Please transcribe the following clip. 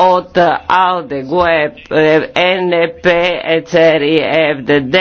от АЛДЕ, ГОЕП, е, е НП, ЕЦЕРИ, е ФДД